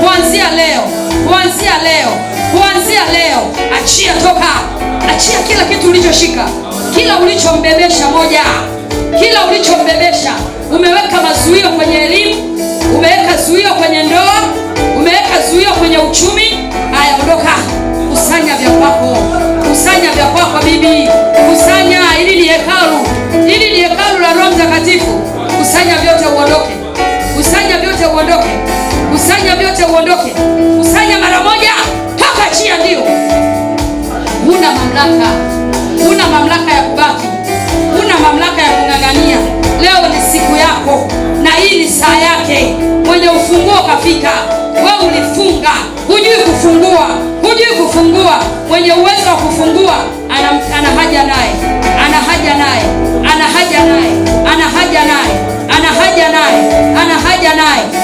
kuanzia leo, kuanzia leo, kuanzia leo, achia toka, achia kila kitu ulichoshika, kila ulichombebesha moja, kila ulichombebesha. Umeweka mazuio kwenye elimu, umeweka zuio kwenye ndoa, umeweka zuio kwenye uchumi. Haya, ondoka, kusanya vya kwako, kusanya vya kwako bibi, kusanya. Hili ni hekalu, hili ni hekalu la Roho Mtakatifu. Kusanya vyote uondoke, kusanya vyote uondoke uondoke. Kusanya mara moja, toka chia, ndio huna mamlaka, huna mamlaka ya kubaki, huna mamlaka ya kung'ang'ania. Leo ni siku yako na hii ni saa yake. Mwenye ufunguo kafika, wewe ulifunga, hujui kufungua, hujui kufungua. Mwenye uwezo wa kufungua ana, ana haja naye, ana haja naye, ana haja naye, ana haja naye, ana haja naye, ana haja naye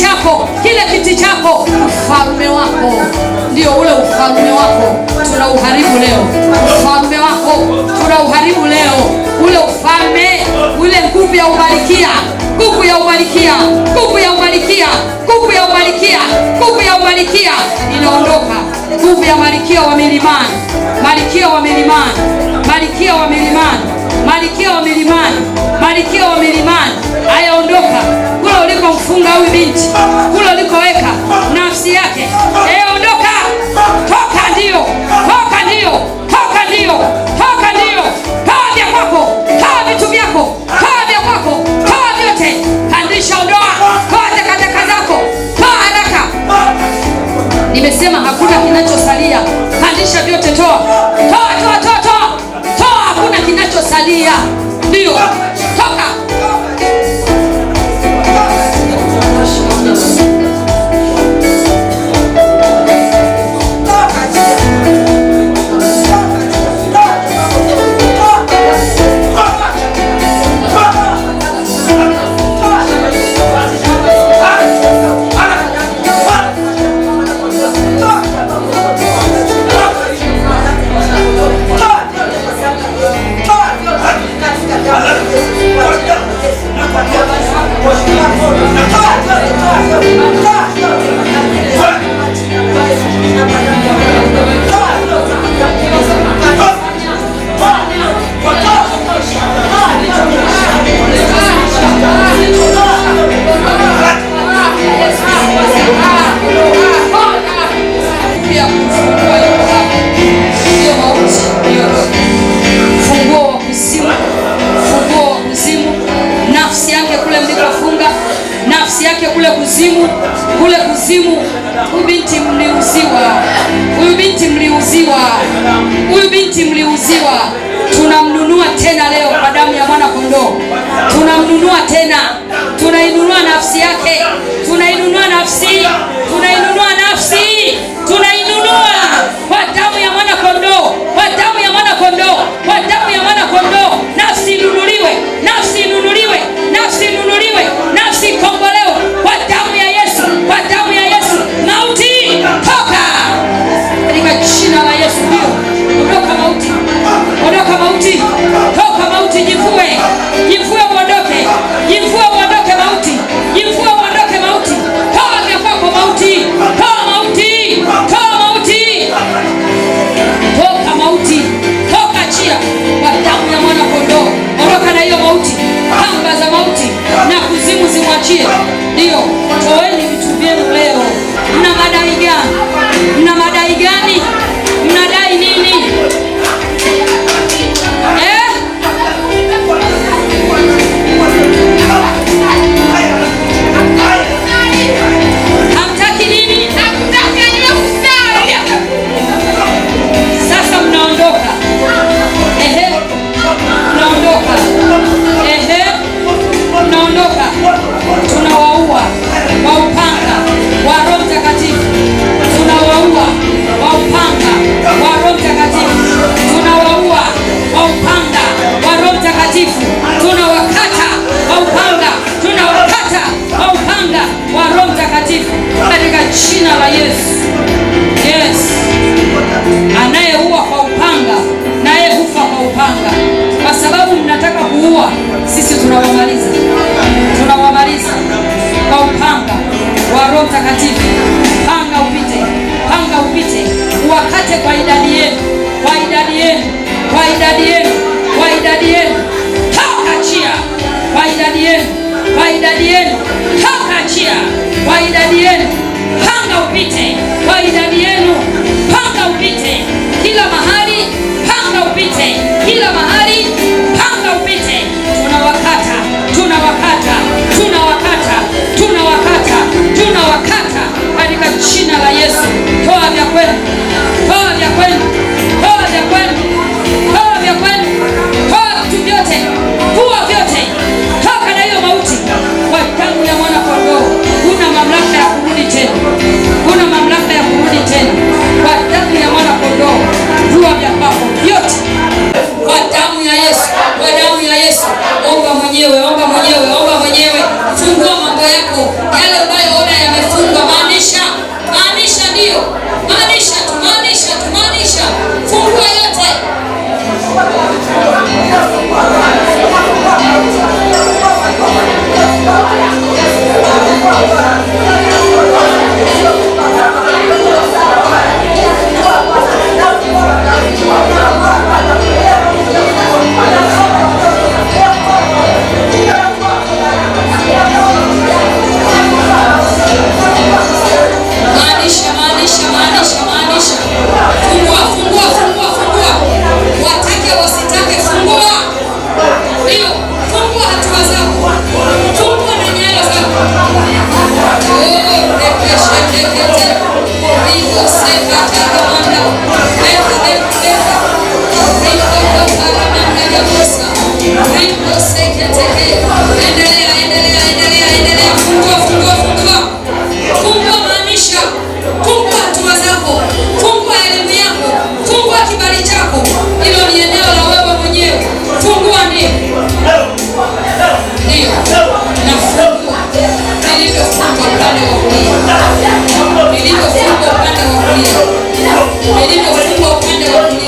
chako, kile kiti chako, ufalme wako. Ndio ule ufalme wako tuna uharibu leo, ufalme wako tuna uharibu leo, ule ufalme, ule nguvu ya ubarikia, nguvu ya ubarikia, nguvu ya ubarikia, nguvu ya ubarikia, nguvu ya ubarikia inaondoka, nguvu ya malikia wa milimani, malikia wa milimani, malikia wa milimani malikia wa milimani, malikia wa milimani, ayaondoka kula uliko mfunga miti kule ulikoweka nafsi yake. E, ondoka, toka, ndio toka, ndio toka, ndio toka, ndio kaa vya kwako, vitu vyako, kaa vya kwako, kaa vyote, kandisha, ondoa, toa takataka zako, toa haraka. Nimesema hakuna kinacho nafasi yake kule kuzimu, kule kuzimu. Huyu binti mliuziwa, huyu binti mliuziwa, huyu binti mliuziwa. Tunamnunua tena leo kwa damu ya mwana kondoo, tunamnunua tena, tunainunua nafsi yake, tunainunua nafsi, tunainunua nafsi, tunainunua kwa damu ya mwana kondoo, kwa damu ya mwana kondoo, kwa damu ya mwana kondoo, nafsi nunuliwa. поманіли.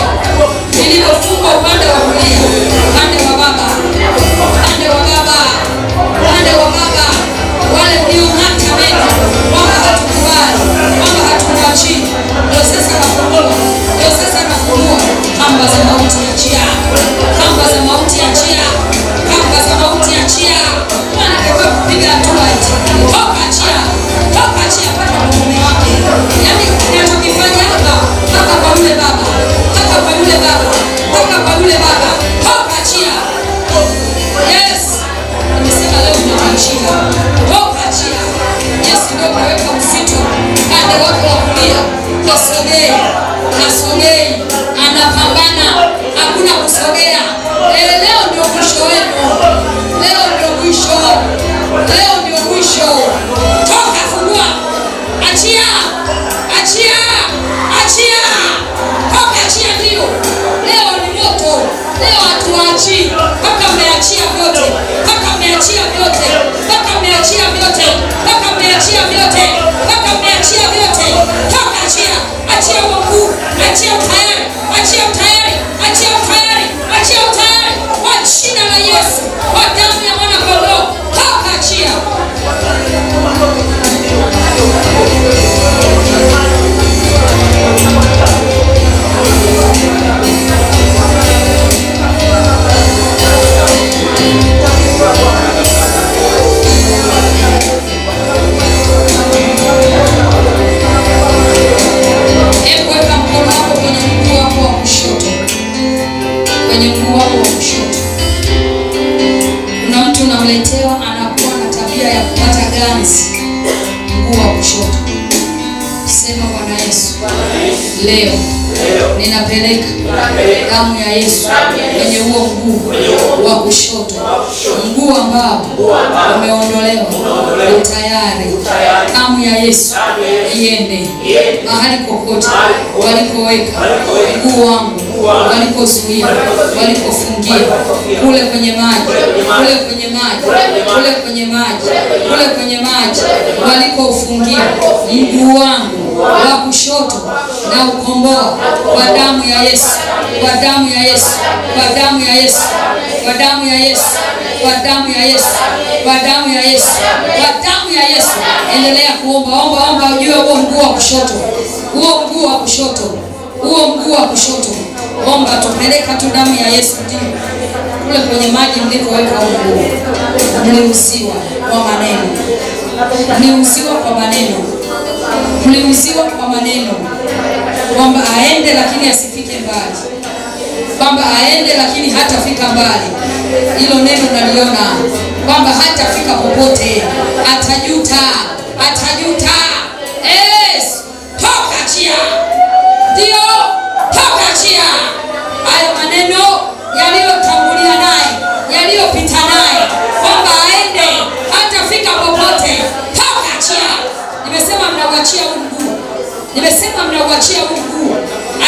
kulia, upande wa kulia, upande wa baba, upande wa baba, upande wa baba, wale mliong'ata meno kwamba hatukubali, kwamba hatukuachi. Ndio sasa nafunua, ndio sasa nafunua kamba za mauti ya njia, kamba za mauti ya njia, kamba za mauti ya njia. Anatakiwa kupiga hatua, toka njia, toka njia, pata mume wake, yaani umeachia mpaka umeachia vyote mpaka umeachia vyote mpaka umeachia vyote mpaka umeachia vyote mpaka umeachia vyote toka achia achia wakuu achia utayari achia utayari achia utayari achia utayari kwa jina la Yesu kwa damu ya mwana kondoo toka achia Nasema Bwana Yesu, leo ninapeleka damu ya Yesu kwenye huo mguu wa kushoto, mguu ambao umeondolewa. Utayari damu ya Yesu iende mahali popote walikoweka mguu wangu walipozuia walipofungia kule kwenye maji, kule kwenye maji, kule kwenye maji, kule kwenye maji walipofungia mguu wangu wa kushoto na ukomboa kwa damu ya Yesu, kwa damu ya Yesu, kwa damu ya Yesu, kwa damu ya Yesu, kwa damu ya Yesu, kwa damu ya Yesu, kwa damu ya Yesu. Endelea kuomba, omba, omba ujue huo mguu wa kushoto, huo mguu wa kushoto, huo mguu wa kushoto. Omba tupeleka tu damu ya Yesu ndio kule kwenye maji mlikoweka mguu. Mliuziwa kwa maneno, mliuziwa kwa maneno Tuliuziwa kwa maneno kwamba aende lakini asifike mbali, kwamba aende lakini hatafika mbali. Hilo neno naliona kwamba hatafika popote, atajuta, atajuta. Yes, toka chia, ndio toka chia. Hayo maneno yaliyotangulia naye yaliyopita naye mnauachia huu mguu. Nimesema mnauachia huu mguu,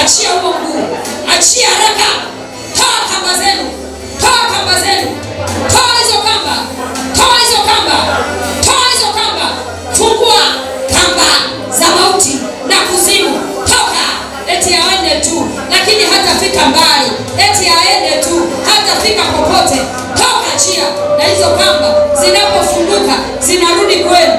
achia huo mguu, achia haraka. Toa kamba zenu, toa kamba zenu, toa hizo kamba, toa hizo kamba, toa hizo kamba. Fungua kamba za mauti na kuzimu, toka. Eti aende tu, lakini hatafika mbali. Eti aende tu, hatafika popote. Toka, achia. Na hizo kamba zinapofunguka zinarudi kwenu.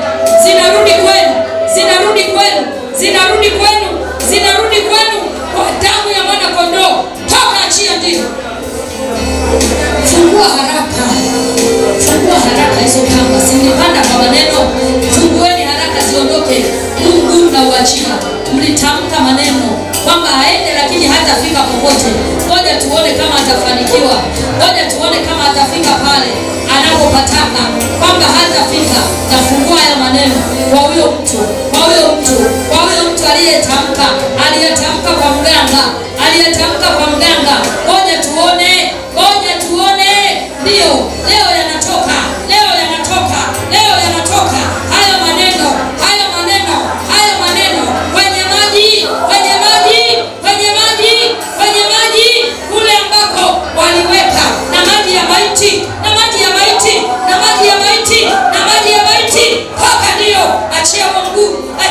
nataka kwamba hatafika, tafungua ya maneno kwa huyo mtu, kwa huyo mtu, kwa huyo mtu aliyetamka, aliyetamka kwa mganga, aliyetamka kwa mganga. Ngoja tuone, ngoja tuone, ndiyo leo yanatoka.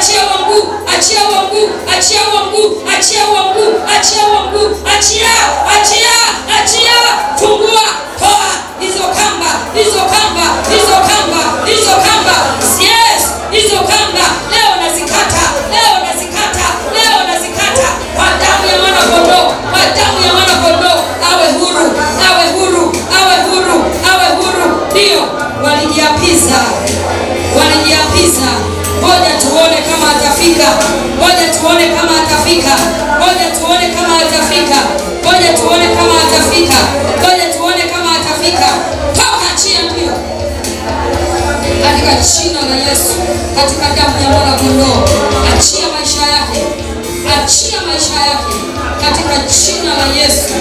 achia wa mguu, achia wa mguu, achia wa mguu, achia wa mguu, achia wa mguu, achia, achia, achia, fungua, toa hizo kamba, hizo kamba, hizo kamba, hizo kamba, yes, hizo kamba leo nazikata, leo nazikata, leo nazikata kwa damu ya mwana kondoo, kwa damu ya mwana kondoo, awe huru, awe huru, awe huru, awe huru. Ndio walijiapiza, walijiapiza Ngoja tuone kama atafika, ngoja tuone kama atafika, ngoja tuone kama atafika, ngoja tuone kama atafika, ngoja tuone kama atafika. Toka, achia mbio katika jina la Yesu, katika damu ya mwana kondoo, achia maisha yake, achia maisha yake katika jina la Yesu.